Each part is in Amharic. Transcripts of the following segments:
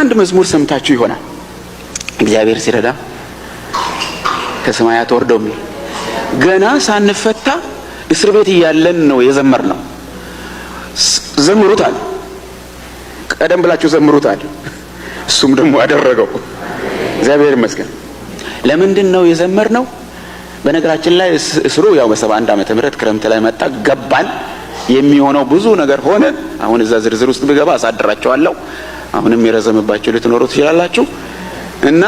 አንድ መዝሙር ሰምታችሁ ይሆናል። እግዚአብሔር ሲረዳ ከሰማያት ወርዶ የሚል ገና ሳንፈታ እስር ቤት እያለን ነው የዘመር ነው። ዘምሩታል፣ ቀደም ብላችሁ ዘምሩታል። እሱም ደግሞ አደረገው። እግዚአብሔር ይመስገን። ለምንድን ነው የዘመር ነው? በነገራችን ላይ እስሩ ያው በሰባ አንድ ዓመተ ምህረት ክረምት ላይ መጣ፣ ገባን። የሚሆነው ብዙ ነገር ሆነ። አሁን እዛ ዝርዝር ውስጥ ብገባ አሳድራቸዋለሁ። አሁንም የረዘምባችሁ ልትኖሩ ትችላላችሁ እና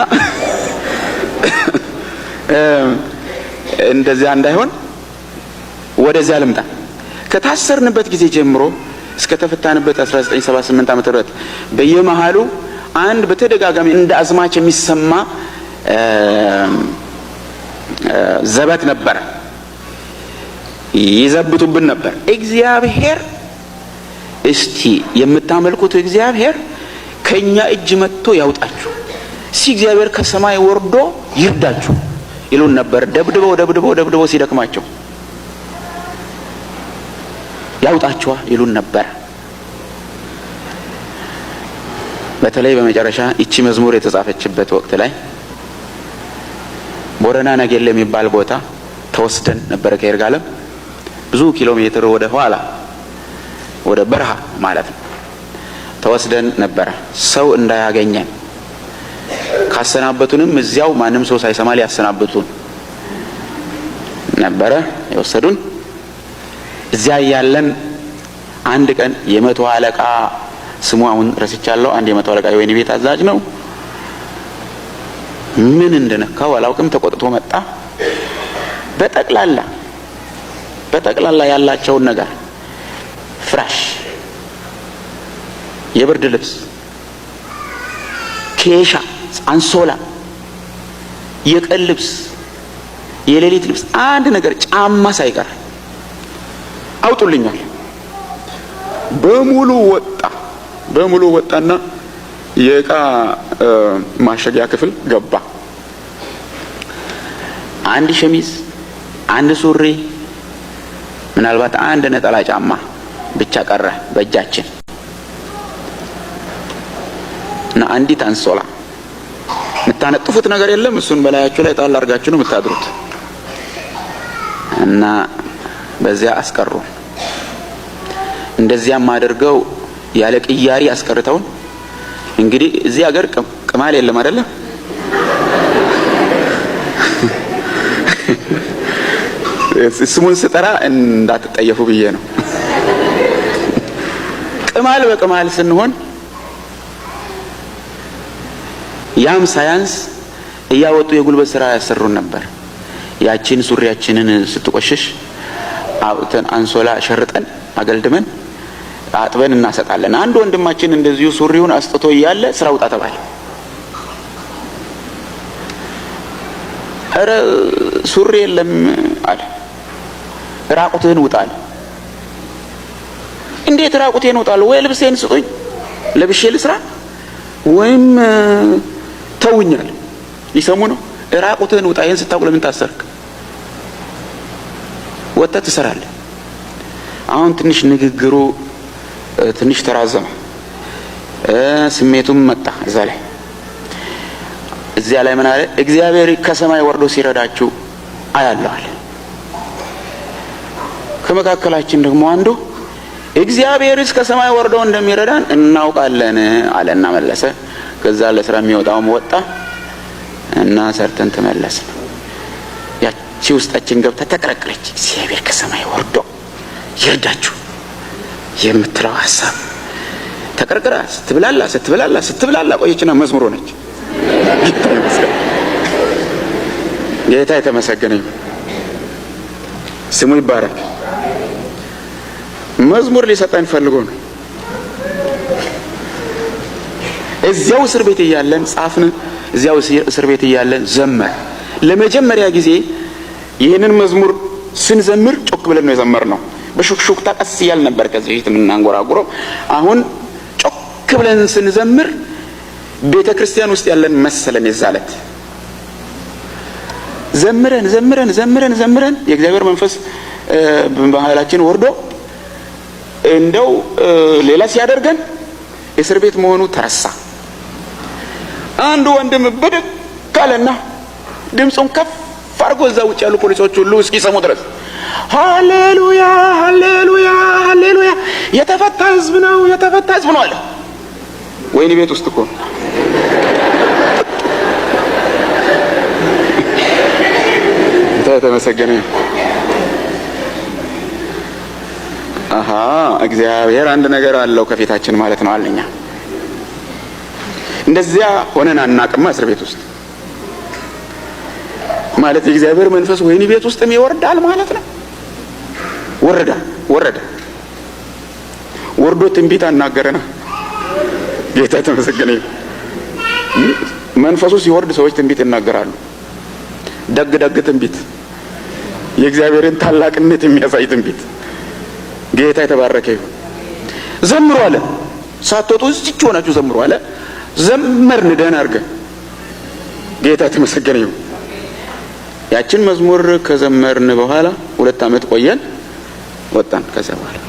እንደዚያ እንዳይሆን ወደዚያ ልምጣ። ከታሰርንበት ጊዜ ጀምሮ እስከ ተፈታንበት 1978 ዓመተ ምህረት በየመሃሉ አንድ በተደጋጋሚ እንደ አዝማች የሚሰማ ዘበት ነበር ይዘብቱብን ነበር። እግዚአብሔር እስቲ የምታመልኩት እግዚአብሔር ከእኛ እጅ መጥቶ ያውጣችሁ ሲ እግዚአብሔር ከሰማይ ወርዶ ይርዳችሁ ይሉን ነበር። ደብድበው ደብድበው ደብድበው ሲደክማቸው ያውጣችኋ ይሉን ነበር። በተለይ በመጨረሻ ይቺ መዝሙር የተጻፈችበት ወቅት ላይ ቦረና ነገሌ የሚባል ቦታ ተወስደን ነበረ ከይርጋለም ብዙ ኪሎ ሜትር ወደ ኋላ ወደ በረሃ ማለት ነው። ተወስደን ነበረ። ሰው እንዳያገኘን ካሰናበቱንም እዚያው ማንም ሰው ሳይሰማ ሊያሰናብቱን ነበረ የወሰዱን። እዚያ እያለን አንድ ቀን የመቶ አለቃ ስሙ አሁን ረስቻለሁ፣ አንድ የመቶ አለቃ የወይን ቤት አዛዥ ነው። ምን እንደነካው አላውቅም። ተቆጥቶ መጣ። በጠቅላላ በጠቅላላ ያላቸውን ነገር ፍራሽ የብርድ ልብስ፣ ኬሻ፣ አንሶላ፣ የቀን ልብስ፣ የሌሊት ልብስ፣ አንድ ነገር ጫማ ሳይቀር አውጡልኛል። በሙሉ ወጣ በሙሉ ወጣና የእቃ ማሸጊያ ክፍል ገባ። አንድ ሸሚዝ፣ አንድ ሱሪ፣ ምናልባት አንድ ነጠላ ጫማ ብቻ ቀረ በእጃችን። እና አንዲት አንሶላ የምታነጥፉት ነገር የለም። እሱን በላያችሁ ላይ ጣል አድርጋችሁ ነው የምታድሩት እና በዚያ አስቀሩ። እንደዚያም አድርገው ያለ ቅያሪ አስቀርተውን እንግዲህ እዚህ ሀገር ቅማል የለም አይደለም። ስሙን ስጠራ እንዳትጠየፉ ብዬ ነው። ቅማል በቅማል ስንሆን ያም ሳያንስ እያወጡ የጉልበት ስራ ያሰሩን ነበር። ያችን ሱሪያችንን ስትቆሽሽ አውጥተን አንሶላ ሸርጠን አገልድመን አጥበን እናሰጣለን። አንድ ወንድማችን እንደዚሁ ሱሪውን አስጥቶ እያለ ስራ ውጣ ተባለ። እረ ሱሪ የለም አለ። ራቁትህን ውጣ እንዴት ራቁቴን እውጣለሁ? ወይ ልብሴን ስጡኝ ለብሼ ልስራ ወይም ይተውኛል። ይሰሙ ነው። ራቁትህን ውጣ። ይህን ስታውቅ ለምን ታሰርክ? ወጥተህ ትሰራለህ። አሁን ትንሽ ንግግሩ ትንሽ ተራዘመ። ስሜቱም መጣ እዛ ላይ እዚያ ላይ ምን አለ? እግዚአብሔር ከሰማይ ወርዶ ሲረዳችሁ አያለዋል። ከመካከላችን ደግሞ አንዱ እግዚአብሔርስ ከሰማይ ወርዶ እንደሚረዳን እናውቃለን አለና መለሰ። ከዛ ለስራ የሚወጣውም ወጣ እና ሰርተን ተመለስ። ያቺ ውስጣችን ገብታ ተቀረቀለች። እግዚአብሔር ከሰማይ ወርዶ ይርዳችሁ የምትለው ሀሳብ ተቀርቅራ ስትብላላ ስትብላላ ስትብላላ ቆየችና መዝሙሮ ሆነች። ጌታ የተመሰገነ ስሙ ይባረክ። መዝሙር ሊሰጠን ፈልጎ ነው። እዚያው እስር ቤት እያለን ጻፍን። እዚያው እስር ቤት እያለን ዘመር። ለመጀመሪያ ጊዜ ይህንን መዝሙር ስንዘምር ጮክ ብለን ነው ነው። በሹክሹክታ ቀስ እያል ነበር ከዚህ በፊት የምናንጎራጉረው። አሁን ጮክ ብለን ስንዘምር ቤተ ክርስቲያን ውስጥ ያለን መሰለን። የዛለት ዘምረን ዘምረን ዘምረን ዘምረን የእግዚአብሔር መንፈስ በመሀላችን ወርዶ እንደው ሌላ ሲያደርገን እስር ቤት መሆኑ ተረሳ። አንድ ወንድም ብድግ ካለና ድምፁን ከፍ አድርጎ እዛ ውጭ ያሉ ፖሊሶች ሁሉ እስኪሰሙ ድረስ ሃሌሉያ፣ ሃሌሉያ፣ ሃሌሉያ የተፈታ ህዝብ ነው፣ የተፈታ ህዝብ ነው አለ። ወይኒ ቤት ውስጥ እኮ የተመሰገነ እግዚአብሔር አንድ ነገር አለው ከፊታችን ማለት ነው አለኛ እንደዚያ ሆነን አናቅማ እስር ቤት ውስጥ ማለት የእግዚአብሔር መንፈስ ወህኒ ቤት ውስጥም ይወርዳል ማለት ነው። ወረዳ ወረዳ ወርዶ ትንቢት አናገረና ጌታ ተመሰገነ። መንፈሱ ሲወርድ ሰዎች ትንቢት ይናገራሉ። ደግ ደግ ትንቢት፣ የእግዚአብሔርን ታላቅነት የሚያሳይ ትንቢት። ጌታ የተባረከ ይሁን። ዘምሩ አለ። ሳትወጡ እዚች ሆናችሁ ዘምሩ አለ። ዘመርን ደህና አርገ ጌታ ተመሰገነ ይሁን። ያችን መዝሙር ከዘመርን በኋላ ሁለት አመት ቆየን፣ ወጣን። ከዚያ በኋላ